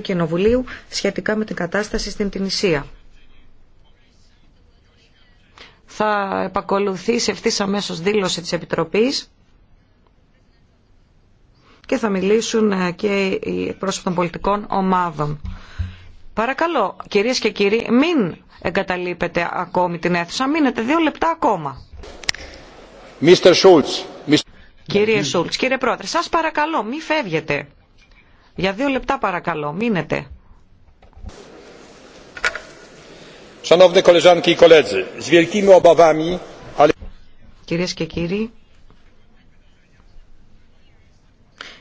Κοινοβουλίου σχετικά με την κατάσταση στην Τινησία. Θα επακολουθήσει αυτή αμέσω δήλωση της Επιτροπής και θα μιλήσουν ε, και οι εκπρόσωποι των πολιτικών ομάδων. Παρακαλώ, κυρίες και κύριοι, μην εγκαταλείπετε ακόμη την αίθουσα. Μείνετε δύο λεπτά ακόμα. Mr. Schultz. Κύριε Σούλτς, κύριε Πρόεδρε, σας παρακαλώ, μην φεύγετε. Για δύο λεπτά παρακαλώ, μείνετε. Κυρίες και κύριοι,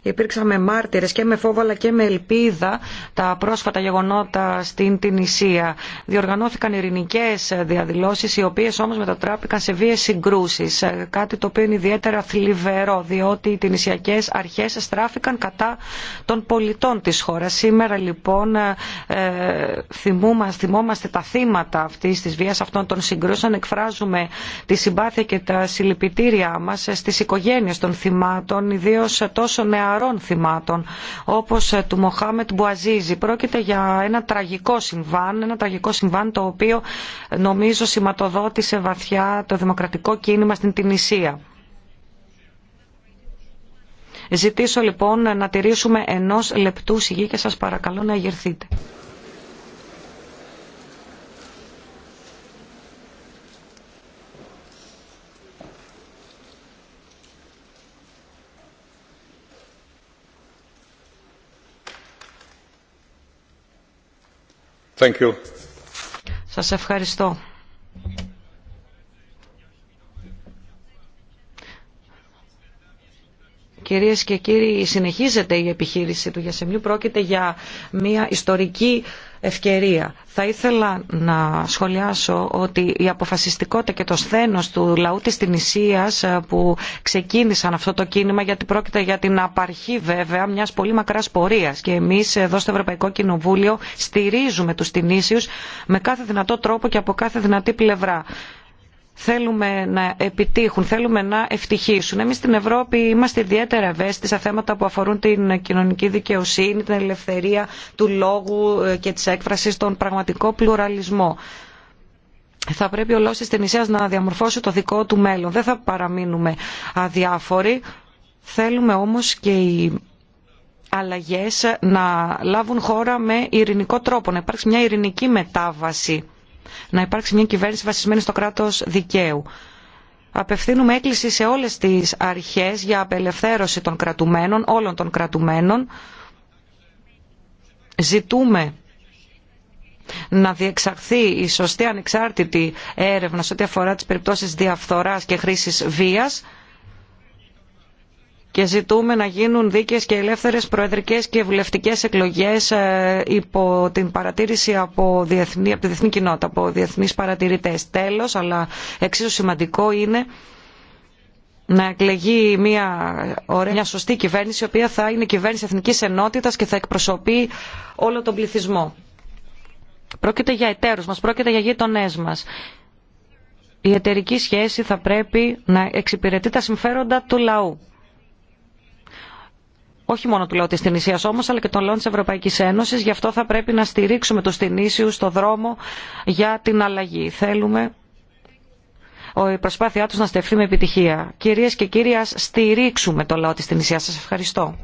Υπήρξαμε μάρτυρες και με φόβο αλλά και με ελπίδα τα πρόσφατα γεγονότα στην Τινησία. Διοργανώθηκαν ειρηνικέ διαδηλώσει, οι οποίε όμω μετατράπηκαν σε βιε συγκρούσει. Κάτι το οποίο είναι ιδιαίτερα θλιβερό διότι οι Τινησιακέ αρχέ στράφηκαν κατά των πολιτών τη χώρα. Σήμερα λοιπόν ε, θυμόμαστε, τα θύματα αυτή τη βία αυτών των συγκρούσεων. Εκφράζουμε τη συμπάθεια και τα συλληπιτήριά μα στι οικογένειε των θυμάτων, ιδίω τόσο νεαρών σοβαρών θυμάτων, όπως ε, του Μοχάμετ Μπουαζίζη. Πρόκειται για ένα τραγικό συμβάν, ένα τραγικό συμβάν το οποίο ε, νομίζω σηματοδότησε βαθιά το δημοκρατικό κίνημα στην Τινησία. Ζητήσω λοιπόν να τηρήσουμε ενός λεπτού σιγή και σας παρακαλώ να ηγερθείτε. Thank Σας ευχαριστώ. Κυρίες και κύριοι, συνεχίζεται η επιχείρηση του Γιασεμιού. Πρόκειται για μια ιστορική ευκαιρία. Θα ήθελα να σχολιάσω ότι η αποφασιστικότητα και το σθένος του λαού της Τινησίας ε, που ξεκίνησαν αυτό το κίνημα γιατί πρόκειται για την απαρχή βέβαια μιας πολύ μακράς πορείας και εμείς εδώ στο Ευρωπαϊκό Κοινοβούλιο στηρίζουμε τους Τινήσιους με κάθε δυνατό τρόπο και από κάθε δυνατή πλευρά θέλουμε να επιτύχουν, θέλουμε να ευτυχήσουν. Εμείς στην Ευρώπη είμαστε ιδιαίτερα ευαίσθητοι σε θέματα που αφορούν την κοινωνική δικαιοσύνη, την ελευθερία του λόγου ε, και της έκφρασης, τον πραγματικό πλουραλισμό. Θα πρέπει ο λαός της να διαμορφώσει το δικό του μέλλον. Δεν θα παραμείνουμε αδιάφοροι. Θέλουμε όμως και οι αλλαγές να λάβουν χώρα με ειρηνικό τρόπο, να υπάρξει μια ειρηνική μετάβαση να υπάρξει μια κυβέρνηση βασισμένη στο κράτος δικαίου. Απευθύνουμε έκκληση σε όλες τις αρχές για απελευθέρωση των κρατουμένων, όλων των κρατουμένων. Ζητούμε να διεξαχθεί η σωστή ανεξάρτητη έρευνα σε ό,τι αφορά τις περιπτώσεις διαφθοράς και χρήσης βίας και ζητούμε να γίνουν δίκαιες και ελεύθερες προεδρικές και βουλευτικές εκλογές ε, υπό την παρατήρηση από, διεθνή, από τη διεθνή κοινότητα, από διεθνείς παρατηρητές. Τέλος, αλλά εξίσου σημαντικό είναι να εκλεγεί μια, ωραία, μια σωστή κυβέρνηση, η οποία θα είναι κυβέρνηση εθνικής ενότητας και θα εκπροσωπεί όλο τον πληθυσμό. Πρόκειται για εταίρους μας, πρόκειται για γείτονές μας. Η εταιρική σχέση θα πρέπει να εξυπηρετεί τα συμφέροντα του λαού όχι μόνο του λαού της Τινησίας όμως, αλλά και των λαών της Ευρωπαϊκής Ένωσης. Γι' αυτό θα πρέπει να στηρίξουμε τους Τινήσιους στο δρόμο για την αλλαγή. Θέλουμε η προσπάθειά τους να στεφθεί με επιτυχία. Κυρίες και κύριοι, ας στηρίξουμε το λαό της Τινησίας. Σας ευχαριστώ.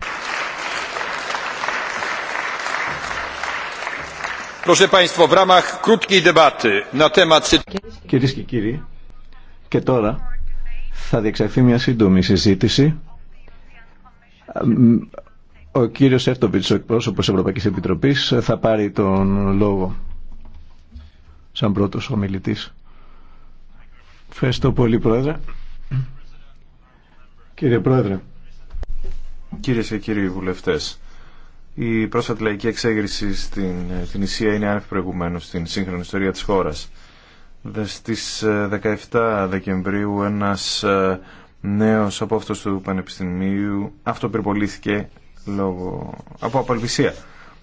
Κυρίες και κύριοι, και τώρα θα διεξαχθεί μια σύντομη συζήτηση ο κύριος Εύτοβιτς, ο εκπρόσωπος Ευρωπαϊκής Επιτροπής, θα πάρει τον λόγο σαν πρώτος ομιλητής. Ευχαριστώ πολύ, Πρόεδρε. Κύριε Πρόεδρε. Κύριε και κύριοι βουλευτές, η πρόσφατη λαϊκή εξέγερση στην Ισία είναι άνευ προηγουμένου στην σύγχρονη ιστορία της χώρας. Στις 17 ε, Δεκεμβρίου ένας ε, νέος από αυτό του Πανεπιστημίου αυτοπερπολήθηκε λόγω... από απαλπισία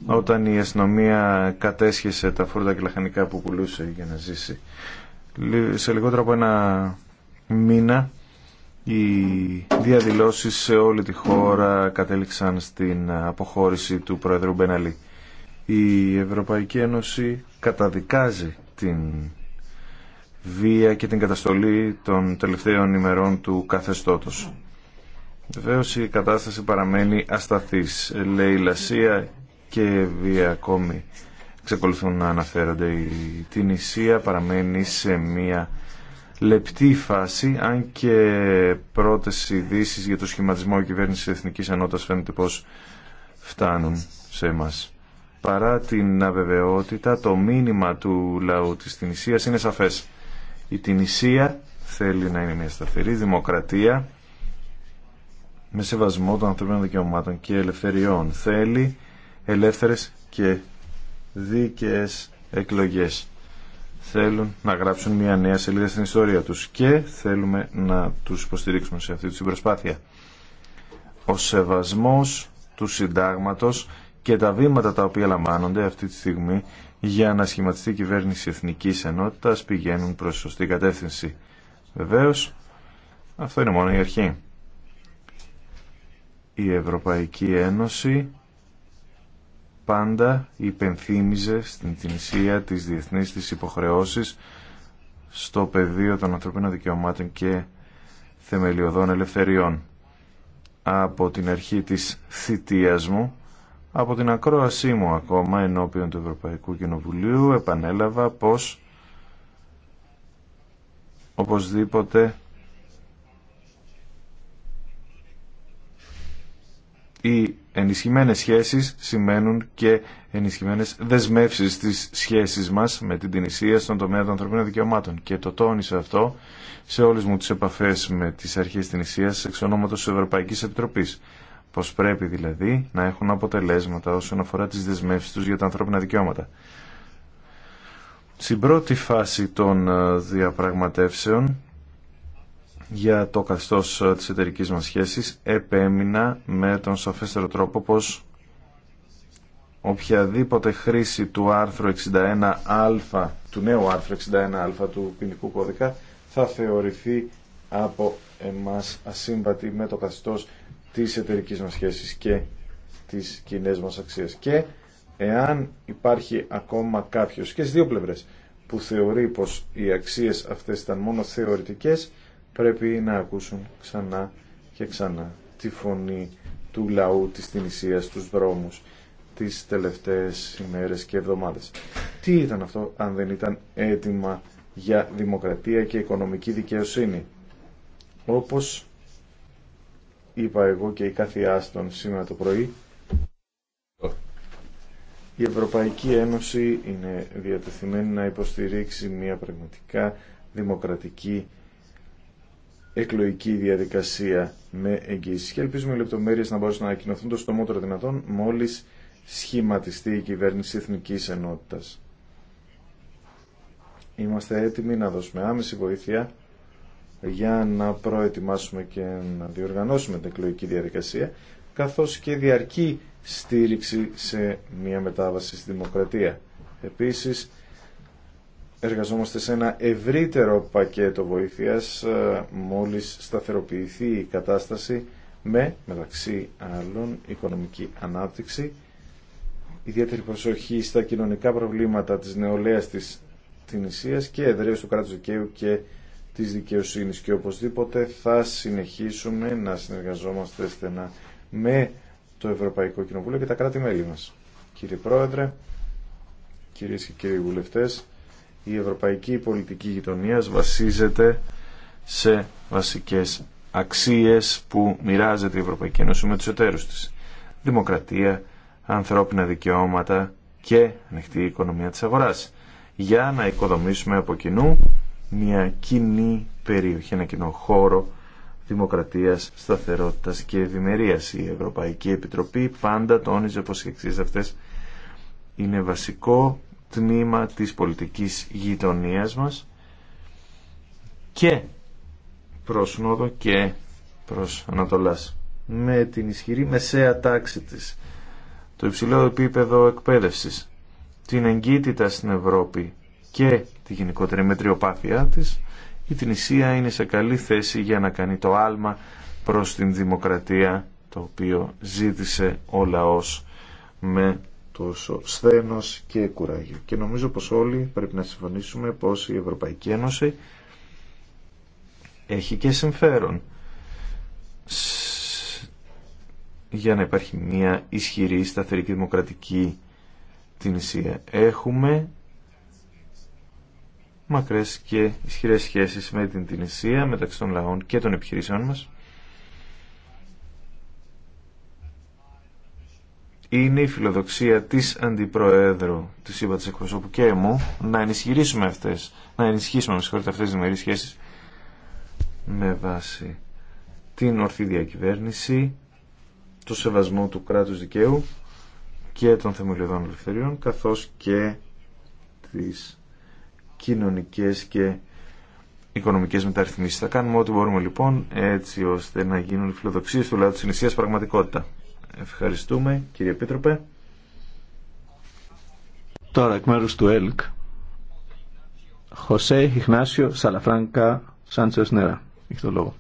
όταν η αστυνομία κατέσχεσε τα φρούτα και λαχανικά που πουλούσε για να ζήσει. Σε λιγότερο από ένα μήνα οι διαδηλώσεις σε όλη τη χώρα κατέληξαν στην αποχώρηση του Προεδρού Μπέναλη. Η Ευρωπαϊκή Ένωση καταδικάζει την βία και την καταστολή των τελευταίων ημερών του καθεστώτος. Βεβαίω η κατάσταση παραμένει ασταθής. Λαϊλασία και βία ακόμη ξεκολουθούν να αναφέρονται. Η ισία παραμένει σε μία λεπτή φάση, αν και πρώτε ειδήσει για το σχηματισμό κυβέρνηση Εθνική Εθνικής φαίνεται πως φτάνουν σε εμά. Παρά την αβεβαιότητα, το μήνυμα του λαού της Τινησίας είναι σαφές η Τινησία θέλει να είναι μια σταθερή δημοκρατία με σεβασμό των ανθρωπίνων δικαιωμάτων και ελευθεριών. Θέλει ελεύθερες και δίκαιες εκλογές. Θέλουν να γράψουν μια νέα σελίδα στην ιστορία τους και θέλουμε να τους υποστηρίξουμε σε αυτή την προσπάθεια. Ο σεβασμός του συντάγματος και τα βήματα τα οποία λαμβάνονται αυτή τη στιγμή για να σχηματιστεί κυβέρνηση εθνικής ενότητας πηγαίνουν προς σωστή κατεύθυνση. Βεβαίως, αυτό είναι μόνο η αρχή. Η Ευρωπαϊκή Ένωση πάντα υπενθύμιζε στην Τινησία της διεθνείς της υποχρεώσεις στο πεδίο των ανθρωπίνων δικαιωμάτων και θεμελιωδών ελευθεριών. Από την αρχή της θητείας μου από την ακρόασή μου ακόμα ενώπιον του Ευρωπαϊκού Κοινοβουλίου επανέλαβα πως οπωσδήποτε οι ενισχυμένες σχέσεις σημαίνουν και ενισχυμένες δεσμεύσεις στις σχέσεις μας με την Τινησία στον τομέα των ανθρωπίνων δικαιωμάτων. Και το τόνισα αυτό σε όλες μου τις επαφές με τις αρχές Τινησίας εξ ονόματος της Ευρωπαϊκής Επιτροπής. Πώ πρέπει δηλαδή να έχουν αποτελέσματα όσον αφορά τι δεσμεύσει του για τα ανθρώπινα δικαιώματα. Στην πρώτη φάση των ε, διαπραγματεύσεων για το καθεστώ ε, τη εταιρική μα σχέση, επέμεινα με τον σαφέστερο τρόπο πω οποιαδήποτε χρήση του άρθρου 61α, του νέου άρθρου 61α του ποινικού κώδικα θα θεωρηθεί από εμάς ασύμβατη με το καθεστώς της εταιρική μας σχέσης και τις κοινέ μας αξίες. Και εάν υπάρχει ακόμα κάποιος και στις δύο πλευρές που θεωρεί πως οι αξίες αυτές ήταν μόνο θεωρητικές, πρέπει να ακούσουν ξανά και ξανά τη φωνή του λαού της θυμησία, τους δρόμους τις τελευταίες ημέρες και εβδομάδες. Τι ήταν αυτό αν δεν ήταν έτοιμα για δημοκρατία και οικονομική δικαιοσύνη. Όπως είπα εγώ και η κάθε άστον σήμερα το πρωί, η Ευρωπαϊκή Ένωση είναι διατεθειμένη να υποστηρίξει μια πραγματικά δημοκρατική εκλογική διαδικασία με εγγύηση. Και ελπίζουμε οι λεπτομέρειες να μπορέσουν να ανακοινωθούν το στομότερο δυνατόν μόλις σχηματιστεί η κυβέρνηση Εθνικής Ενότητας. Είμαστε έτοιμοι να δώσουμε άμεση βοήθεια για να προετοιμάσουμε και να διοργανώσουμε την εκλογική διαδικασία καθώς και διαρκή στήριξη σε μια μετάβαση στη δημοκρατία. Επίσης, εργαζόμαστε σε ένα ευρύτερο πακέτο βοήθειας ε, μόλις σταθεροποιηθεί η κατάσταση με, μεταξύ άλλων, οικονομική ανάπτυξη, ιδιαίτερη προσοχή στα κοινωνικά προβλήματα της νεολαίας της Τινησίας και εδραίωση του κράτους δικαίου και της δικαιοσύνης και οπωσδήποτε θα συνεχίσουμε να συνεργαζόμαστε στενά με το Ευρωπαϊκό Κοινοβούλιο και τα κράτη-μέλη μας. Κύριε Πρόεδρε, κυρίες και κύριοι βουλευτές, η ευρωπαϊκή πολιτική γειτονίας βασίζεται σε βασικές αξίες που μοιράζεται η Ευρωπαϊκή Ένωση με τους εταίρους της. Δημοκρατία, ανθρώπινα δικαιώματα και ανοιχτή οικονομία της αγοράς για να οικοδομήσουμε από κοινού μια κοινή περιοχή, ένα κοινό χώρο δημοκρατίας, σταθερότητας και ευημερίας. Η Ευρωπαϊκή Επιτροπή πάντα τόνιζε πως οι εξής αυτές είναι βασικό τμήμα της πολιτικής γειτονίας μας και προς Νόδο και προς Ανατολάς. Με την ισχυρή μεσαία τάξη της, το υψηλό επίπεδο εκπαίδευσης, την εγκύτητα στην Ευρώπη και τη γενικότερη μετριοπάθειά της, η Τινησία είναι σε καλή θέση για να κάνει το άλμα προς την δημοκρατία το οποίο ζήτησε ο λαός με τόσο σθένος και κουράγιο. Και νομίζω πως όλοι πρέπει να συμφωνήσουμε πως η Ευρωπαϊκή Ένωση έχει και συμφέρον για να υπάρχει μια ισχυρή σταθερή δημοκρατική την Έχουμε μακρές και ισχυρές σχέσεις με την Τινησία, μεταξύ των λαών και των επιχειρήσεών μας. είναι η φιλοδοξία της Αντιπροέδρου της ΥΠΑ Εκπροσώπου και να ενισχύσουμε αυτές, να ενισχύσουμε αυτές τις διμερείς σχέσεις με βάση την ορθή διακυβέρνηση, το σεβασμό του κράτους δικαίου και των θεμελιωδών ελευθεριών καθώς και της κοινωνικές και οικονομικές μεταρρυθμίσεις. Θα κάνουμε ό,τι μπορούμε λοιπόν έτσι ώστε να γίνουν οι φιλοδοξίες του λαού της νησίας πραγματικότητα. Ευχαριστούμε κύριε Επίτροπε. Τώρα εκ μέρους του ΕΛΚ Χωσέ Ιχνάσιο Σαλαφράνκα Σάντσες Νέρα. Έχει το λόγο.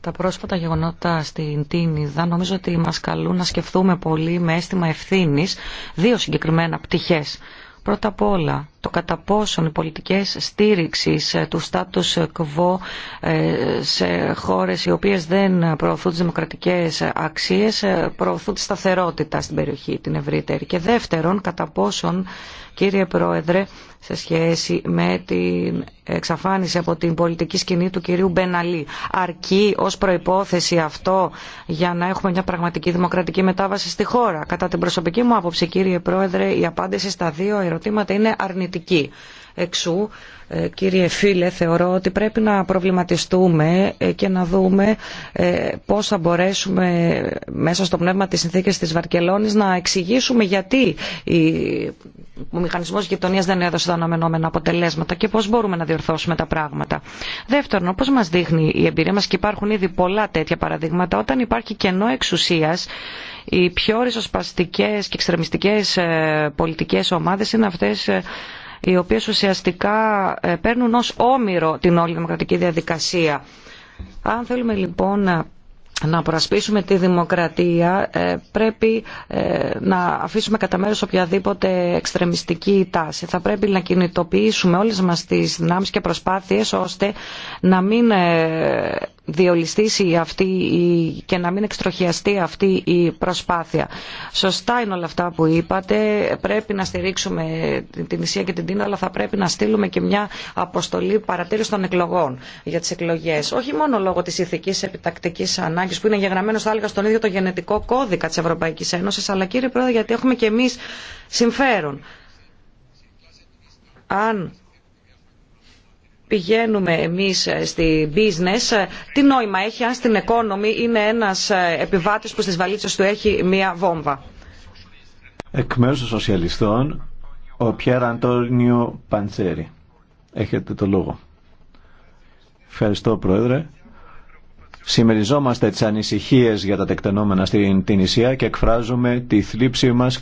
Τα πρόσφατα γεγονότα στην Τίνιδα νομίζω ότι μας καλούν να σκεφτούμε πολύ με αίσθημα ευθύνης δύο συγκεκριμένα πτυχές Πρώτα απ' όλα, το κατά πόσον οι πολιτικές στήριξης ε, του status quo ε, σε χώρες οι οποίες δεν προωθούν τις δημοκρατικές αξίες, ε, προωθούν τη σταθερότητα στην περιοχή την ευρύτερη. Και δεύτερον, κατά πόσον κύριε Πρόεδρε, σε σχέση με την εξαφάνιση από την πολιτική σκηνή του κυρίου Μπεναλή. Αρκεί ως προϋπόθεση αυτό για να έχουμε μια πραγματική δημοκρατική μετάβαση στη χώρα. Κατά την προσωπική μου άποψη, κύριε Πρόεδρε, η απάντηση στα δύο ερωτήματα είναι αρνητική. Εξού, ε, κύριε φίλε, θεωρώ ότι πρέπει να προβληματιστούμε ε, και να δούμε ε, πώς θα μπορέσουμε μέσα στο πνεύμα της συνθήκης της Βαρκελόνης να εξηγήσουμε γιατί ο μηχανισμός γειτονίας δεν έδωσε τα αναμενόμενα αποτελέσματα και πώς μπορούμε να διορθώσουμε τα πράγματα. Δεύτερον, όπως μας δείχνει η εμπειρία μας και υπάρχουν ήδη πολλά τέτοια παραδείγματα, όταν υπάρχει κενό εξουσίας οι πιο ριζοσπαστικές και εξτρεμιστικές πολιτικές ομάδες είναι αυτές οι οποίες ουσιαστικά ε, παίρνουν ως όμοιρο την όλη δημοκρατική διαδικασία. Αν θέλουμε λοιπόν να προασπίσουμε τη δημοκρατία ε, πρέπει ε, να αφήσουμε κατά μέρος οποιαδήποτε εξτρεμιστική τάση. Θα πρέπει να κινητοποιήσουμε όλες μας τις δυνάμεις και προσπάθειες ώστε να μην διολυστήσει αυτή και να μην εξτροχιαστεί αυτή η προσπάθεια. Σωστά είναι όλα αυτά που είπατε. Πρέπει να στηρίξουμε την Ισία και την Τίνο, αλλά θα πρέπει να στείλουμε και μια αποστολή παρατήρηση των εκλογών για τι εκλογέ. Όχι μόνο λόγω τη ηθική επιτακτική ανάγκη που είναι γεγραμμένο, θα έλεγα, στον ίδιο το γενετικό κώδικα τη Ευρωπαϊκή Ένωση, αλλά κύριε Πρόεδρε, γιατί έχουμε και εμεί συμφέρον. Αν πηγαίνουμε εμείς στη business, τι νόημα έχει αν στην economy είναι ένας επιβάτης που στις βαλίτσες του έχει μία βόμβα. Εκ μέρους των σοσιαλιστών, ο Πιέρα Αντώνιο Παντσέρη. Έχετε το λόγο. Ευχαριστώ Πρόεδρε. Συμμεριζόμαστε τις ανησυχίες για τα τεκτενόμενα στην Τινησία και εκφράζουμε τη θλίψη μας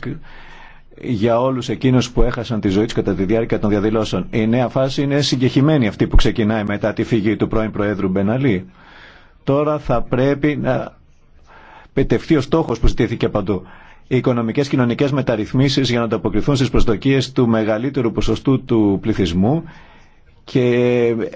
για όλους εκείνους που έχασαν τη ζωή τους κατά τη διάρκεια των διαδηλώσεων. Η νέα φάση είναι συγκεχημένη αυτή που ξεκινάει μετά τη φυγή του πρώην Προέδρου Μπεναλή. Τώρα θα πρέπει να πετευθεί ο στόχος που ζητήθηκε παντού. Οι οικονομικές κοινωνικές μεταρρυθμίσεις για να ανταποκριθούν στις προσδοκίες του μεγαλύτερου ποσοστού του πληθυσμού και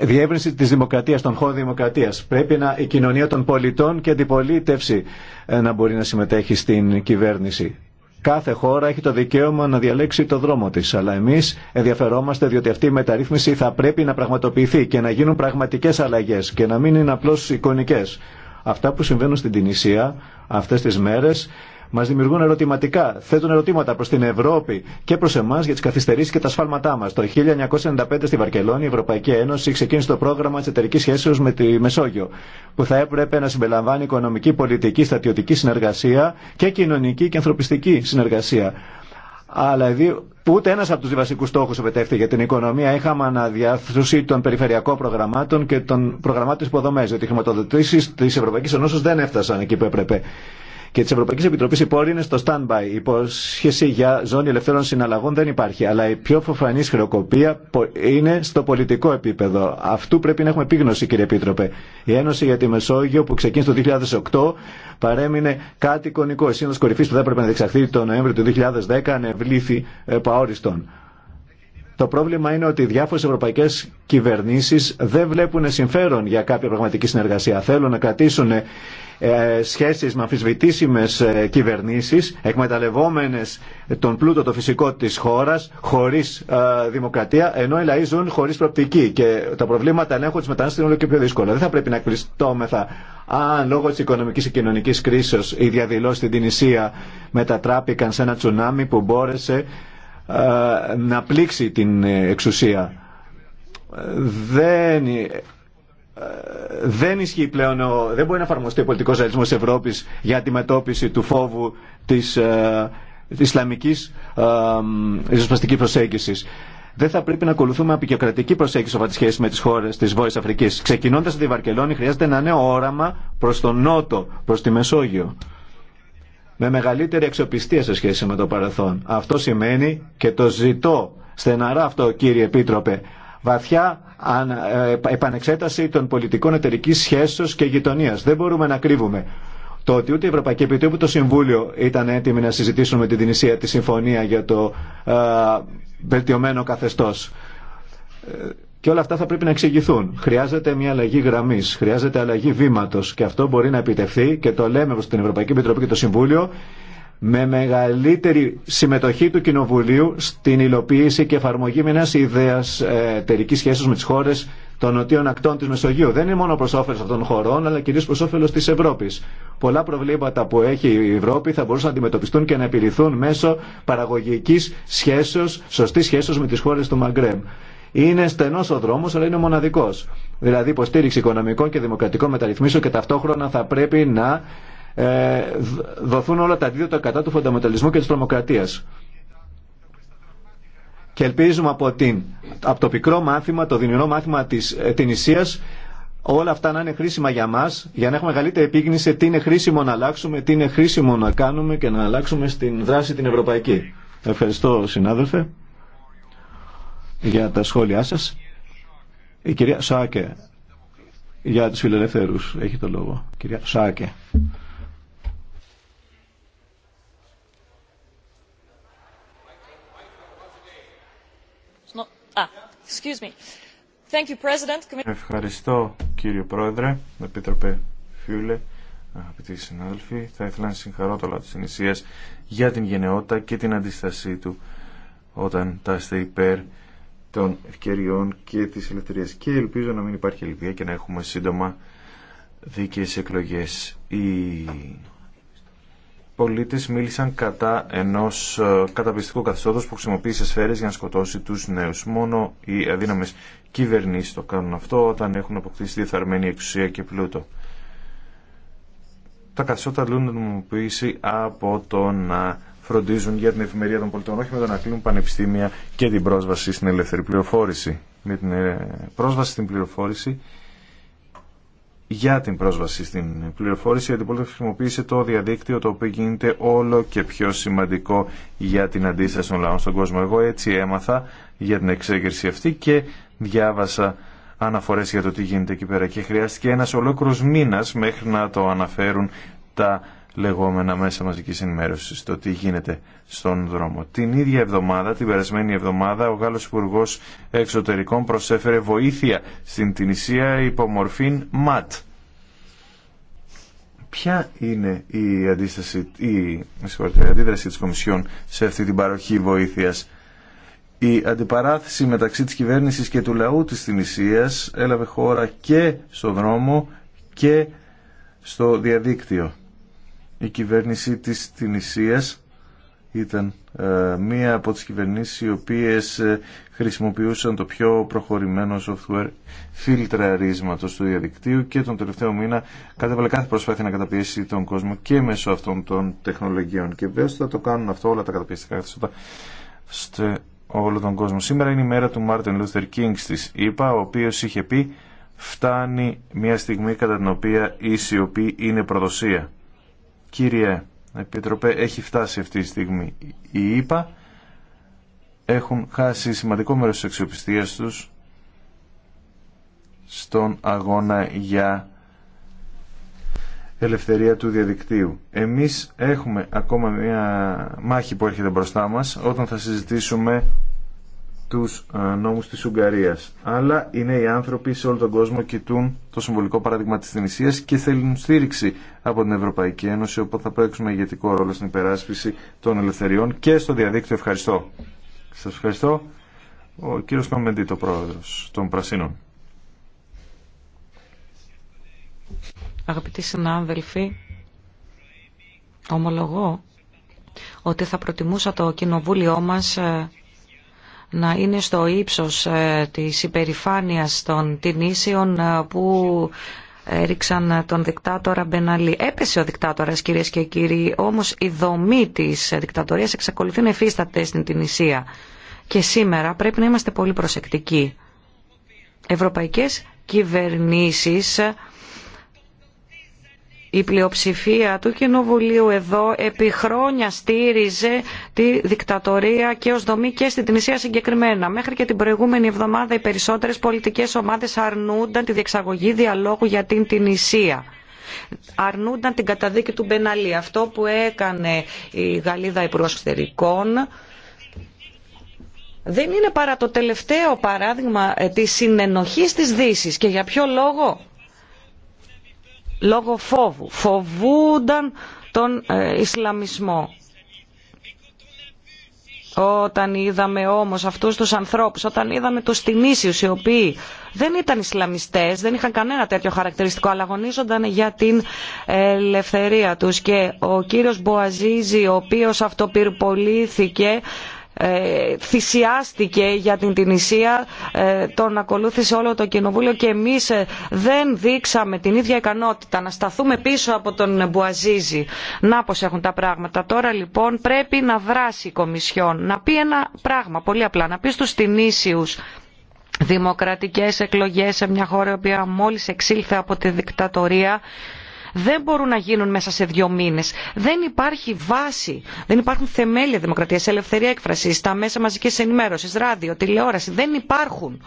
διεύρυνση της δημοκρατίας, των χώρων δημοκρατίας. Πρέπει να, η κοινωνία των πολιτών και αντιπολίτευση ε, να μπορεί να συμμετέχει στην κυβέρνηση. Κάθε χώρα έχει το δικαίωμα να διαλέξει το δρόμο της, αλλά εμείς ενδιαφερόμαστε διότι αυτή η μεταρρύθμιση θα πρέπει να πραγματοποιηθεί και να γίνουν πραγματικές αλλαγές και να μην είναι απλώς εικονικές. Αυτά που συμβαίνουν στην Τινησία αυτές τις μέρες Μα δημιουργούν ερωτηματικά, θέτουν ερωτήματα προ την Ευρώπη και προ εμά για τι καθυστερήσει και τα σφάλματά μα. Το 1995 στη Βαρκελόνη η Ευρωπαϊκή Ένωση ξεκίνησε το πρόγραμμα τη εταιρική σχέση με τη Μεσόγειο, που θα έπρεπε να συμπεριλαμβάνει οικονομική, πολιτική, στατιωτική συνεργασία και κοινωνική και ανθρωπιστική συνεργασία. Αλλά που ούτε ένα από του βασικού στόχου επετεύχθη για την οικονομία. Είχαμε αναδιάθρωση των περιφερειακών προγραμμάτων και των προγραμμάτων υποδομέ, διότι οι χρηματοδοτήσει τη Ευρωπαϊκή Ενώσεω δεν έφτασαν εκεί που έπρεπε και τη Ευρωπαϊκή Επιτροπή η πόλη είναι στο stand-by. Η υπόσχεση για ζώνη ελευθέρων συναλλαγών δεν υπάρχει. Αλλά η πιο φοφανή χρεοκοπία είναι στο πολιτικό επίπεδο. Αυτού πρέπει να έχουμε επίγνωση, κύριε Επίτροπε. Η Ένωση για τη Μεσόγειο που ξεκίνησε το 2008 παρέμεινε κάτι εικονικό. Η Σύνοδο Κορυφή που θα έπρεπε να διεξαχθεί το Νοέμβριο του 2010 ανεβλήθη επαόριστον. Το πρόβλημα είναι ότι οι διάφορε ευρωπαϊκέ κυβερνήσει δεν βλέπουν συμφέρον για κάποια πραγματική συνεργασία. Θέλουν να κρατήσουν ε, σχέσει με αμφισβητήσιμε ε, κυβερνήσει, εκμεταλλευόμενε τον πλούτο το φυσικό τη χώρα, χωρί ε, δημοκρατία, ενώ οι λαοί ζουν χωρί προοπτική. Και τα προβλήματα ελέγχου τη μετανάστευση είναι όλο και πιο δύσκολα. Δεν θα πρέπει να κλειστόμεθα αν λόγω τη οικονομική και κοινωνική κρίσεω οι διαδηλώσει στην Τινησία μετατράπηκαν σε ένα τσουνάμι που μπόρεσε ε, να πλήξει την εξουσία. Δεν ε, δεν ισχύει πλέον, δεν μπορεί να εφαρμοστεί ο πολιτικός ρεαλισμός της Ευρώπης για αντιμετώπιση του φόβου της ε, Ισλαμικής προσέγγιση. προσέγγισης. Δεν θα πρέπει να ακολουθούμε απεικιοκρατική προσέγγιση από τη σχέση με τις χώρες της Βόρειας Αφρικής. Ξεκινώντας από τη Βαρκελόνη χρειάζεται ένα νέο όραμα προς τον Νότο, προς τη Μεσόγειο με μεγαλύτερη αξιοπιστία σε σχέση με το παρελθόν. Αυτό σημαίνει και το ζητώ στεναρά αυτό κύριε Επίτροπε, βαθιά ε, επανεξέταση των πολιτικών εταιρική σχέσεως και γειτονία. Δεν μπορούμε να κρύβουμε το ότι ούτε η Ευρωπαϊκή Επιτροπή ούτε το Συμβούλιο ήταν έτοιμοι να συζητήσουν με την τη συμφωνία για το ε, βελτιωμένο καθεστώς. Ε, και όλα αυτά θα πρέπει να εξηγηθούν. Χρειάζεται μια αλλαγή γραμμή, χρειάζεται αλλαγή βήματο και αυτό μπορεί να επιτευχθεί και το λέμε προ την Ευρωπαϊκή Επιτροπή και το Συμβούλιο με μεγαλύτερη συμμετοχή του Κοινοβουλίου στην υλοποίηση και εφαρμογή μια ιδέα ε, εταιρική σχέση με τι χώρε των νοτίων ακτών τη Μεσογείου. Δεν είναι μόνο προ όφελο αυτών των χωρών, αλλά κυρίω προ όφελο τη Ευρώπη. Πολλά προβλήματα που έχει η Ευρώπη θα μπορούσαν να αντιμετωπιστούν και να επιληθούν μέσω παραγωγική σχέσεω, σωστή σχέσεω με τι χώρε του Μαγκρέμ. Είναι στενό ο δρόμο, αλλά είναι μοναδικό. Δηλαδή, υποστήριξη οικονομικών και δημοκρατικών μεταρρυθμίσεων και ταυτόχρονα θα πρέπει να ε, δοθούν όλα τα δύο κατά του φονταμεταλισμού και τη τρομοκρατία. Και ελπίζουμε από, την, από το πικρό μάθημα, το δυνηρό μάθημα τη ε, Ισία, όλα αυτά να είναι χρήσιμα για μα, για να έχουμε μεγαλύτερη επίγνωση τι είναι χρήσιμο να αλλάξουμε, τι είναι χρήσιμο να κάνουμε και να αλλάξουμε στην δράση την ευρωπαϊκή. Ευχαριστώ, συνάδελφε για τα σχόλιά σας. Η κυρία Σάκε, για τους φιλελεύθερους, έχει το λόγο. κυρία Σάκε. Ah, Ευχαριστώ κύριο Πρόεδρε, Επίτροπε Φιούλε, αγαπητοί συνάδελφοι. Θα ήθελα να συγχαρώ το λαό της για την γενναιότητα και την αντίστασή του όταν τάστε υπέρ των ευκαιριών και της ελευθερίας. Και ελπίζω να μην υπάρχει ελπία και να έχουμε σύντομα δίκαιες εκλογές. Οι πολίτες μίλησαν κατά ενός ε, καταπιστικού καθεστώτος που χρησιμοποιεί σε σφαίρες για να σκοτώσει τους νέους. Μόνο οι αδύναμες κυβερνήσεις το κάνουν αυτό όταν έχουν αποκτήσει διεθαρμένη εξουσία και πλούτο. Τα καθεστώτα λούν να από το να φροντίζουν για την ευημερία των πολιτών, όχι με το να κλείνουν πανεπιστήμια και την πρόσβαση στην ελεύθερη πληροφόρηση. Με την ε, πρόσβαση στην πληροφόρηση, για την πρόσβαση στην πληροφόρηση, η αντιπολίτευση χρησιμοποίησε το διαδίκτυο το οποίο γίνεται όλο και πιο σημαντικό για την αντίσταση των λαών στον κόσμο. Εγώ έτσι έμαθα για την εξέγερση αυτή και διάβασα αναφορέ για το τι γίνεται εκεί πέρα και χρειάστηκε ένα ολόκληρο μήνα μέχρι να το αναφέρουν τα λεγόμενα μέσα μαζικής ενημέρωσης, το τι γίνεται στον δρόμο. Την ίδια εβδομάδα, την περασμένη εβδομάδα, ο Γάλλος υπουργό Εξωτερικών προσέφερε βοήθεια στην Τινησία υπομορφήν ΜΑΤ. Ποια είναι η, αντίσταση, η, η αντίδραση της Κομισιόν σε αυτή την παροχή βοήθειας. Η αντιπαράθεση μεταξύ της κυβέρνησης και του λαού της Τινησίας έλαβε χώρα και στο δρόμο και στο διαδίκτυο η κυβέρνηση της Τινησίας ήταν ε, μία από τις κυβερνήσεις οι οποίες ε, χρησιμοποιούσαν το πιο προχωρημένο software φιλτραρίσματος του διαδικτύου και τον τελευταίο μήνα κατέβαλε κάθε προσπάθεια να καταπιέσει τον κόσμο και μέσω αυτών των τεχνολογιών και βέβαια θα το κάνουν αυτό όλα τα καταπιεστικά καθιστώτα σε όλο τον κόσμο. Σήμερα είναι η μέρα του Μάρτιν Λούθερ Κίνγκ της ΕΠΑ ο οποίος είχε πει φτάνει μια στιγμή κατά την οποία η σιωπή είναι προδοσία. Κύριε Επιτροπέ, έχει φτάσει αυτή τη στιγμή η ΕΠΑ. Έχουν χάσει σημαντικό μέρος της αξιοπιστίας τους στον αγώνα για ελευθερία του διαδικτύου. Εμείς έχουμε ακόμα μια μάχη που έρχεται μπροστά μας όταν θα συζητήσουμε τους ε, νόμους της Ουγγαρίας. Αλλά είναι οι άνθρωποι σε όλο τον κόσμο κοιτούν το συμβολικό παράδειγμα της Τινησίας και θέλουν στήριξη από την Ευρωπαϊκή Ένωση, όπου θα παίξουμε ηγετικό ρόλο στην υπεράσπιση των ελευθεριών και στο διαδίκτυο. Ευχαριστώ. Σας ευχαριστώ. Ο κύριος Κομμεντή, το πρόεδρος των Πρασίνων. Αγαπητοί συνάδελφοι, ομολογώ ότι θα προτιμούσα το κοινοβούλιο μας ε, να είναι στο ύψος ε, της υπερηφάνειας των τινήσεων ε, που έριξαν τον δικτάτορα Μπεναλή. Έπεσε ο δικτάτορας κυρίες και κύριοι, όμως η δομή της δικτατορίας εξακολουθεί να εφίσταται στην Τινησία. Και σήμερα πρέπει να είμαστε πολύ προσεκτικοί. Ευρωπαϊκές κυβερνήσεις η πλειοψηφία του Κοινοβουλίου εδώ επί χρόνια στήριζε τη δικτατορία και ως δομή και στην Τινησία συγκεκριμένα. Μέχρι και την προηγούμενη εβδομάδα οι περισσότερες πολιτικές ομάδες αρνούνταν τη διεξαγωγή διαλόγου για την Τινησία αρνούνταν την καταδίκη του Μπεναλή. Αυτό που έκανε η Γαλλίδα Υπουργός Εξωτερικών δεν είναι παρά το τελευταίο παράδειγμα ε, της συνενοχής της Δύσης. Και για ποιο λόγο λόγω φόβου. Φοβούνταν τον ε, Ισλαμισμό. Όταν είδαμε όμως αυτούς τους ανθρώπους, όταν είδαμε τους τιμήσιους, οι οποίοι δεν ήταν Ισλαμιστές, δεν είχαν κανένα τέτοιο χαρακτηριστικό, αλλά αγωνίζονταν για την ελευθερία τους. Και ο κύριος Μποαζίζη, ο οποίος αυτοπυρπολήθηκε ε, θυσιάστηκε για την Τινησία, ε, τον ακολούθησε όλο το κοινοβούλιο και εμείς ε, δεν δείξαμε την ίδια ικανότητα να σταθούμε πίσω από τον Μπουαζίζη. Να πως έχουν τα πράγματα. Τώρα λοιπόν πρέπει να δράσει η Κομισιόν, να πει ένα πράγμα πολύ απλά, να πει στους Τινήσιους δημοκρατικές εκλογές σε μια χώρα η οποία μόλις εξήλθε από τη δικτατορία δεν μπορούν να γίνουν μέσα σε δύο μήνε. Δεν υπάρχει βάση, δεν υπάρχουν θεμέλια δημοκρατία, ελευθερία έκφραση, τα μέσα μαζική ενημέρωση, ράδιο, τηλεόραση. Δεν υπάρχουν.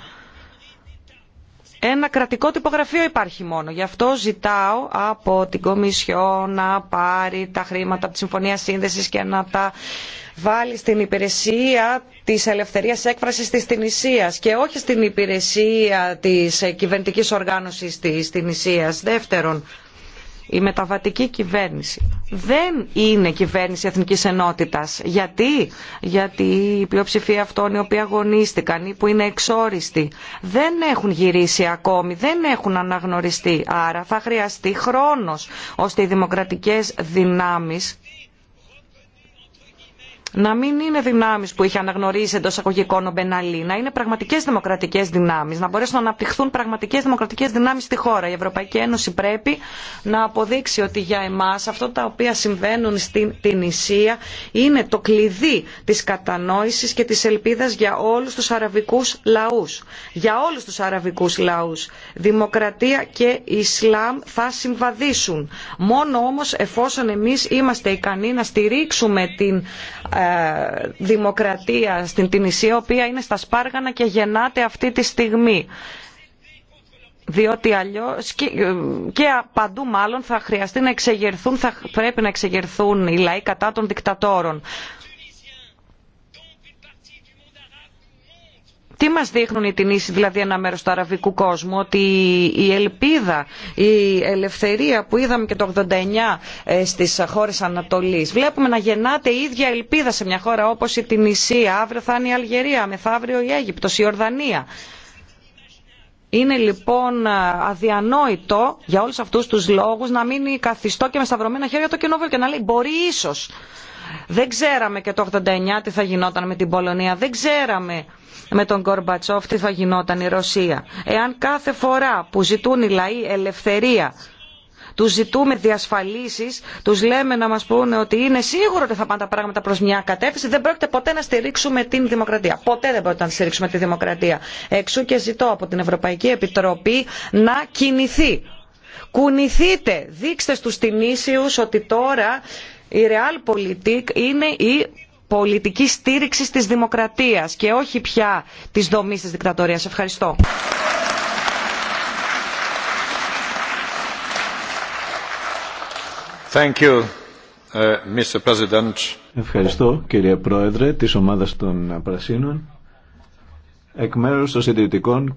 Ένα κρατικό τυπογραφείο υπάρχει μόνο. Γι' αυτό ζητάω από την Κομισιό να πάρει τα χρήματα από τη Συμφωνία Σύνδεση και να τα βάλει στην υπηρεσία τη ελευθερία έκφραση τη Τινησία και όχι στην υπηρεσία τη κυβέρνητική οργάνωση τη Τινησία. Δεύτερον, η μεταβατική κυβέρνηση δεν είναι κυβέρνηση εθνικής ενότητας. Γιατί, Γιατί η πλειοψηφία αυτών οι οποίοι αγωνίστηκαν ή που είναι εξόριστοι δεν έχουν γυρίσει ακόμη, δεν έχουν αναγνωριστεί. Άρα θα χρειαστεί χρόνος ώστε οι δημοκρατικές δυνάμεις να μην είναι δυνάμεις που είχε αναγνωρίσει εντό αγωγικών ο Μπεναλή, να είναι πραγματικές δημοκρατικές δυνάμεις, να μπορέσουν να αναπτυχθούν πραγματικές δημοκρατικές δυνάμεις στη χώρα. Η Ευρωπαϊκή Ένωση πρέπει να αποδείξει ότι για εμάς αυτό τα οποία συμβαίνουν στην την Ισία είναι το κλειδί της κατανόησης και της ελπίδας για όλους τους αραβικούς λαούς. Για όλους τους αραβικούς λαούς. Δημοκρατία και Ισλάμ θα συμβαδίσουν. Μόνο όμως εφόσον εμείς είμαστε ικανοί να στηρίξουμε την ε, δημοκρατία στην Τινησία, η οποία είναι στα σπάργανα και γεννάται αυτή τη στιγμή διότι αλλιώς και, παντού μάλλον θα χρειαστεί να εξεγερθούν, θα πρέπει να εξεγερθούν οι λαοί κατά των δικτατόρων. τι μας δείχνουν οι τινήσεις, δηλαδή ένα μέρος του αραβικού κόσμου, ότι η ελπίδα, η ελευθερία που είδαμε και το 89 ε, στις χώρες Ανατολής, βλέπουμε να γεννάται η ίδια ελπίδα σε μια χώρα όπως η Τινησία, αύριο θα είναι η Αλγερία, μεθαύριο η Αίγυπτος, η Ορδανία. Είναι λοιπόν ε, αδιανόητο για όλους αυτούς τους λόγους να μείνει καθιστό και με σταυρωμένα χέρια το κοινόβιο και να λέει μπορεί ίσως δεν ξέραμε και το 89 τι θα γινόταν με την Πολωνία. Δεν ξέραμε με τον Κορμπατσόφ τι θα γινόταν η Ρωσία. Εάν κάθε φορά που ζητούν οι λαοί ελευθερία τους ζητούμε διασφαλίσεις, τους λέμε να μας πούνε ότι είναι σίγουρο ότι θα πάνε τα πράγματα προς μια κατεύθυνση, δεν πρόκειται ποτέ να στηρίξουμε την δημοκρατία. Ποτέ δεν πρόκειται να στηρίξουμε τη δημοκρατία. Εξού και ζητώ από την Ευρωπαϊκή Επιτροπή να κινηθεί. Κουνηθείτε, δείξτε στους τιμήσιους ότι τώρα η Realpolitik είναι η πολιτική στήριξη της δημοκρατίας και όχι πια της δομής της δικτατορίας. Ευχαριστώ. Thank you, uh, Mr. President. Ευχαριστώ κύριε Πρόεδρε της ομάδας των Πρασίνων εκ μέρους των συντηρητικών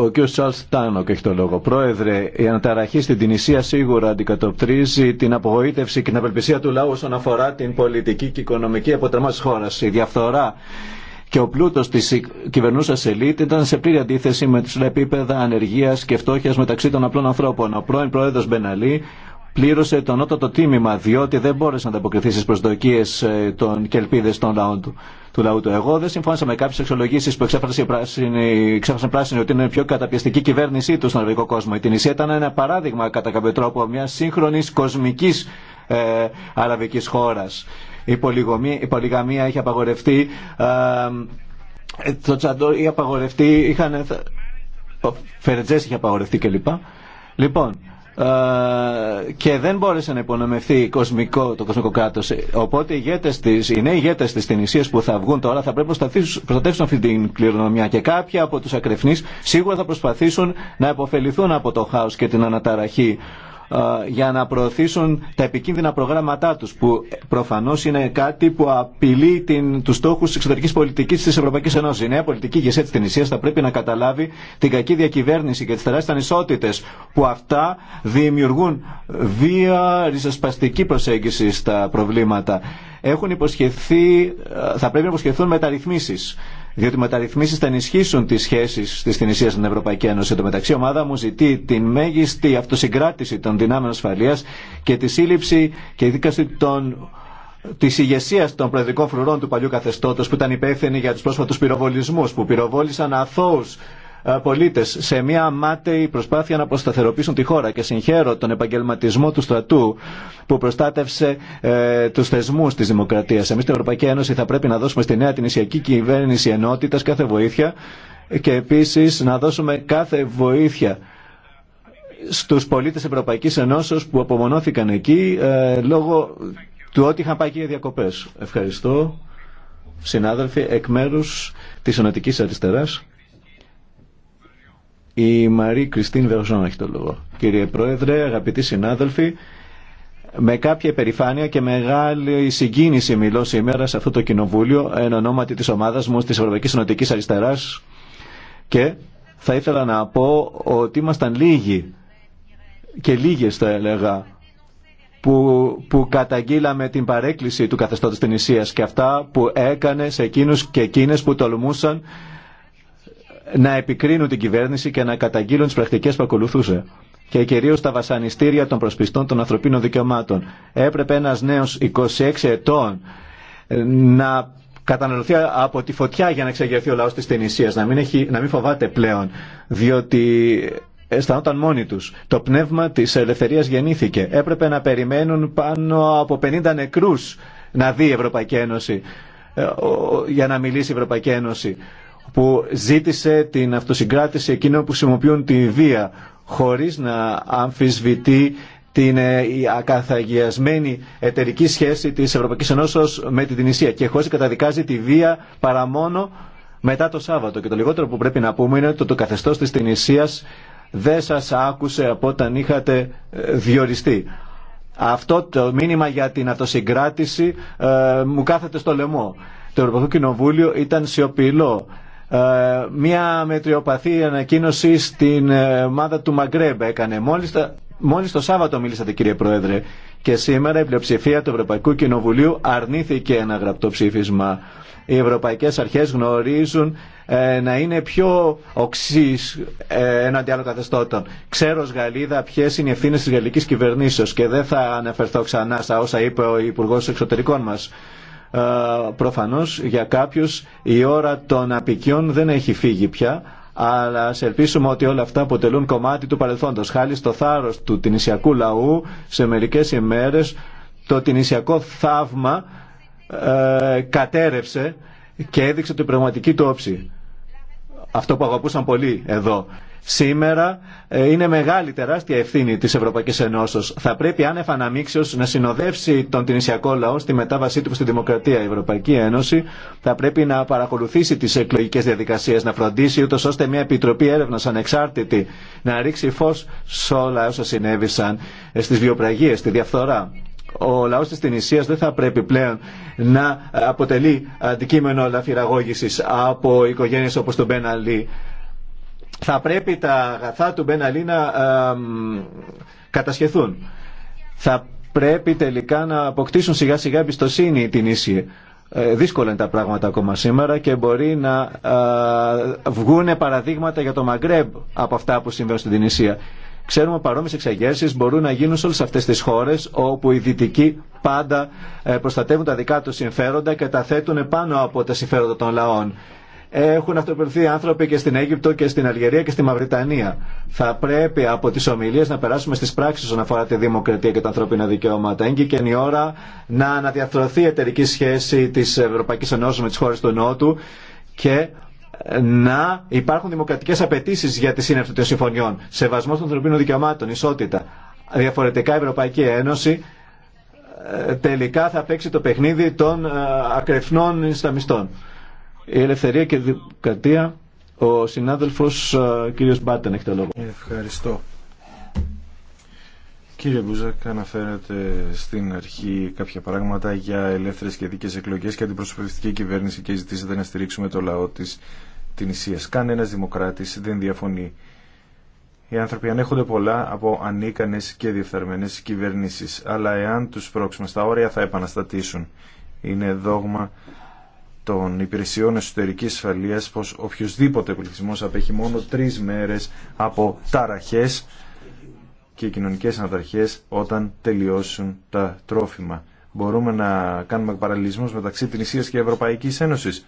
ο κ. Σαλ Τάνοκ έχει το λόγο. Πρόεδρε, η αναταραχή στην Τινησία σίγουρα αντικατοπτρίζει την απογοήτευση και την απελπισία του λαού όσον αφορά την πολιτική και οικονομική αποτρεμά τη χώρα. Η διαφθορά και ο πλούτος τη κυβερνούσα ελίτ ήταν σε πλήρη αντίθεση με τους επίπεδα ανεργία και φτώχεια μεταξύ των απλών ανθρώπων. Ο πρώην πρόεδρο Μπεναλή πλήρωσε το νότο τίμημα διότι δεν μπόρεσε να ανταποκριθεί στι προσδοκίε ε, των και ελπίδε των λαών του. Του λαού του. Εγώ δεν συμφώνησα με κάποιε εξολογήσει που εξέφρασε πράσινη, εξέφρασαν πράσινοι ότι είναι η πιο καταπιαστική κυβέρνησή του στον αραβικό κόσμο. Η Τινησία ήταν ένα παράδειγμα κατά κάποιο τρόπο μια σύγχρονη κοσμική ε, αραβική χώρα. Η, η πολυγαμία είχε απαγορευτεί. Ε, το τσαντό είχε απαγορευτεί. Είχαν, ο είχε απαγορευτεί κλπ. Λοιπόν, ε, και δεν μπόρεσε να υπονομευθεί κοσμικό, το κοσμικό κράτο. Οπότε οι, ηγέτες της, οι νέοι ηγέτε τη Τινησία που θα βγουν τώρα θα πρέπει να προστατεύσουν αυτή την κληρονομιά και κάποιοι από του ακρεφνεί σίγουρα θα προσπαθήσουν να υποφεληθούν από το χάο και την αναταραχή ε, για να προωθήσουν τα επικίνδυνα προγράμματά τους που προφανώς είναι κάτι που απειλεί την, τους στόχους της εξωτερικής πολιτικής της Ευρωπαϊκής Ενώσης. Η νέα πολιτική ηγεσία της Τινησίας θα πρέπει να καταλάβει την κακή διακυβέρνηση και τις τεράστιες ανισότητες που αυτά δημιουργούν βία ριζοσπαστική προσέγγιση στα προβλήματα. Έχουν υποσχεθεί, ε, θα πρέπει να υποσχεθούν μεταρρυθμίσεις διότι μεταρρυθμίσει θα ενισχύσουν τι σχέσει τη Τινησία στην Ευρωπαϊκή Ένωση. Εν μεταξύ, ομάδα μου ζητεί την μέγιστη αυτοσυγκράτηση των δυνάμεων ασφαλεία και τη σύλληψη και δίκαση των τη ηγεσία των προεδρικών φρουρών του παλιού καθεστώτο που ήταν υπεύθυνοι για του πρόσφατου πυροβολισμού που πυροβόλησαν αθώου ε, πολίτε σε μια μάταιη προσπάθεια να αποσταθεροποιήσουν τη χώρα και συγχαίρω τον επαγγελματισμό του στρατού που προστάτευσε ε, του θεσμού τη δημοκρατία. Εμεί στην Ευρωπαϊκή Ένωση θα πρέπει να δώσουμε στη νέα την ισιακή κυβέρνηση ενότητα κάθε βοήθεια και επίση να δώσουμε κάθε βοήθεια στους πολίτες Ευρωπαϊκής Ενώσεως που απομονώθηκαν εκεί ε, λόγω του ότι είχαν πάει εκεί για διακοπές. Ευχαριστώ, συνάδελφοι, εκ μέρους της Ενωτικής Αριστεράς. Η Μαρή Κριστίν Βερζόν έχει το λόγο. Κύριε Πρόεδρε, αγαπητοί συνάδελφοι, με κάποια υπερηφάνεια και μεγάλη συγκίνηση μιλώ σήμερα σε αυτό το κοινοβούλιο εν ονόματι της ομάδας μου της Ευρωπαϊκής Συνοτικής Αριστεράς και θα ήθελα να πω ότι ήμασταν λίγοι και λίγες θα έλεγα που, που καταγγείλαμε την παρέκκληση του καθεστώτος της νησίας και αυτά που έκανε σε εκείνους και εκείνες που τολμούσαν να επικρίνουν την κυβέρνηση και να καταγγείλουν τι πρακτικέ που ακολουθούσε και κυρίω τα βασανιστήρια των προσπιστών των ανθρωπίνων δικαιωμάτων. Έπρεπε ένα νέο 26 ετών να καταναλωθεί από τη φωτιά για να εξεγερθεί ο λαό τη Τινησία, να, μην να μην φοβάται πλέον, διότι αισθανόταν μόνοι του. Το πνεύμα τη ελευθερία γεννήθηκε. Έπρεπε να περιμένουν πάνω από 50 νεκρού να δει η Ευρωπαϊκή Ένωση ε, για να μιλήσει η Ευρωπαϊκή Ένωση που ζήτησε την αυτοσυγκράτηση εκείνων που χρησιμοποιούν τη βία χωρίς να αμφισβητεί την ε, ακαθαγιασμένη εταιρική σχέση της Ευρωπαϊκής Ενώσεως με την Ισία και χωρίς καταδικάζει τη βία παρά μόνο μετά το Σάββατο. Και το λιγότερο που πρέπει να πούμε είναι ότι το καθεστώς της Τινησίας δεν σας άκουσε από όταν είχατε ε, διοριστεί. Αυτό το μήνυμα για την αυτοσυγκράτηση ε, μου κάθεται στο λαιμό. Το Ευρωπαϊκό Κοινοβούλιο ήταν σιωπηλό ε, μια μετριοπαθή ανακοίνωση στην ε, ομάδα του Μαγκρέμπ έκανε. Μόλις, τα, μόλις το Σάββατο μίλησατε κύριε Πρόεδρε και σήμερα η πλειοψηφία του Ευρωπαϊκού Κοινοβουλίου αρνήθηκε ένα γραπτό ψήφισμα. Οι ευρωπαϊκές αρχές γνωρίζουν ε, να είναι πιο οξύς ε, έναντι άλλων καθεστώτων. Ξέρω ως Γαλλίδα ποιες είναι οι ευθύνες της γαλλικής κυβερνήσεως και δεν θα αναφερθώ ξανά στα όσα είπε ο Υπουργός Εξωτερικών μας ε, προφανώς για κάποιους η ώρα των απικιών δεν έχει φύγει πια αλλά ας ελπίσουμε ότι όλα αυτά αποτελούν κομμάτι του παρελθόντος. Χάρη στο θάρρος του τινησιακού λαού σε μερικές ημέρες το τινησιακό θαύμα ε, κατέρευσε και έδειξε την πραγματική του όψη. Αυτό που αγαπούσαν πολύ εδώ. Σήμερα ε, είναι μεγάλη τεράστια ευθύνη της Ευρωπαϊκής Ενώσεως. Θα πρέπει άνευ αναμίξεως να συνοδεύσει τον τυνησιακό λαό στη μετάβασή του στη δημοκρατία. Η Ευρωπαϊκή Ένωση θα πρέπει να παρακολουθήσει τις εκλογικές διαδικασίες, να φροντίσει ούτως ώστε μια επιτροπή έρευνας ανεξάρτητη να ρίξει φως σε όλα όσα συνέβησαν ε, στις βιοπραγίες, στη διαφθορά ο λαός της Τινησίας δεν θα πρέπει πλέον να αποτελεί αντικείμενο λαφυραγώγησης από οικογένειες όπως τον Μπέναλή θα πρέπει τα αγαθά του Μπεν Αλή να ε, κατασχεθούν. Θα πρέπει τελικά να αποκτήσουν σιγά σιγά εμπιστοσύνη την ίση. Ε, δύσκολα είναι τα πράγματα ακόμα σήμερα και μπορεί να ε, βγουν παραδείγματα για το Μαγκρέμπ από αυτά που συμβαίνουν στην Τινησία. Ξέρουμε παρόμοιε εξαγέρσει μπορούν να γίνουν σε όλε αυτέ τι χώρε όπου οι δυτικοί πάντα προστατεύουν τα δικά του συμφέροντα και τα θέτουν πάνω από τα συμφέροντα των λαών. Έχουν αυτοπερθεί άνθρωποι και στην Αίγυπτο και στην Αλγερία και στη Μαυριτανία. Θα πρέπει από τι ομιλίε να περάσουμε στι πράξει όσον αφορά τη δημοκρατία και τα ανθρώπινα δικαιώματα. Είναι και η ώρα να αναδιαφθρωθεί η εταιρική σχέση τη Ευρωπαϊκή Ενώση με τι χώρε του Νότου και να υπάρχουν δημοκρατικέ απαιτήσει για τη σύνευση των συμφωνιών. Σεβασμό των ανθρωπίνων δικαιωμάτων, ισότητα. Διαφορετικά η Ευρωπαϊκή Ένωση ε, τελικά θα παίξει το παιχνίδι των ε, ακρεφνών ισταμιστών. Η ελευθερία και δικατία, ο συνάδελφος κύριος Μπάτεν έχει το λόγο. Ευχαριστώ. Κύριε Μπούζακ, αναφέρατε στην αρχή κάποια πράγματα για ελεύθερες και δίκαιες εκλογές και αντιπροσωπευτική κυβέρνηση και ζητήσατε να στηρίξουμε το λαό της την Ισία. Κανένας δημοκράτη δεν διαφωνεί. Οι άνθρωποι ανέχονται πολλά από ανίκανες και διεφθαρμένε κυβερνήσεις, αλλά εάν του πρόξουμε στα όρια θα επαναστατήσουν. Είναι δόγμα των υπηρεσιών εσωτερική ασφαλείας πως οποιοδήποτε πληθυσμό απέχει μόνο τρει μέρες από ταραχές και κοινωνικές αναταρχές όταν τελειώσουν τα τρόφιμα. Μπορούμε να κάνουμε παραλληλισμού μεταξύ Ισίας και Ευρωπαϊκής Ένωσης.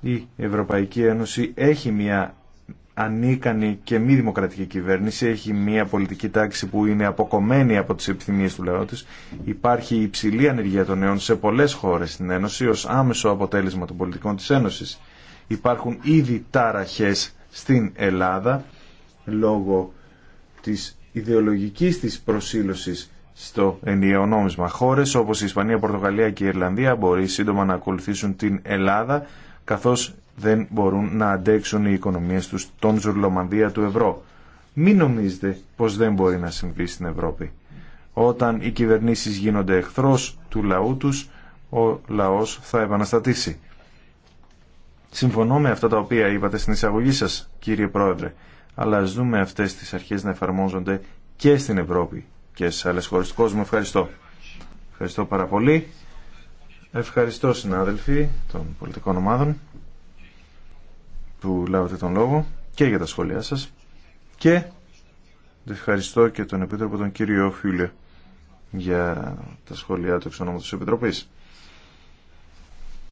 Η Ευρωπαϊκή Ένωση έχει μια ανίκανη και μη δημοκρατική κυβέρνηση έχει μια πολιτική τάξη που είναι αποκομμένη από τις επιθυμίες του λαού τη. Υπάρχει υψηλή ανεργία των νέων σε πολλές χώρες στην Ένωση ως άμεσο αποτέλεσμα των πολιτικών της Ένωσης. Υπάρχουν ήδη τάραχες στην Ελλάδα λόγω της ιδεολογικής της προσήλωσης στο ενιαίο νόμισμα. Χώρες όπως η Ισπανία, Πορτογαλία και η Ιρλανδία μπορεί σύντομα να ακολουθήσουν την Ελλάδα καθώς δεν μπορούν να αντέξουν οι οικονομίες τους τον ζουρλομανδία του ευρώ. Μην νομίζετε πως δεν μπορεί να συμβεί στην Ευρώπη. Όταν οι κυβερνήσεις γίνονται εχθρός του λαού τους, ο λαός θα επαναστατήσει. Συμφωνώ με αυτά τα οποία είπατε στην εισαγωγή σας, κύριε Πρόεδρε, αλλά ας δούμε αυτές τις αρχές να εφαρμόζονται και στην Ευρώπη και σε άλλες χώρες του κόσμου. Ευχαριστώ. Ευχαριστώ πάρα πολύ. Ευχαριστώ συνάδελφοι των πολιτικών ομάδων που λάβατε τον λόγο και για τα σχόλιά σας και ευχαριστώ και τον Επίτροπο τον κύριο Φιούλε για τα σχόλιά του εξ ονόματος της Επιτροπής.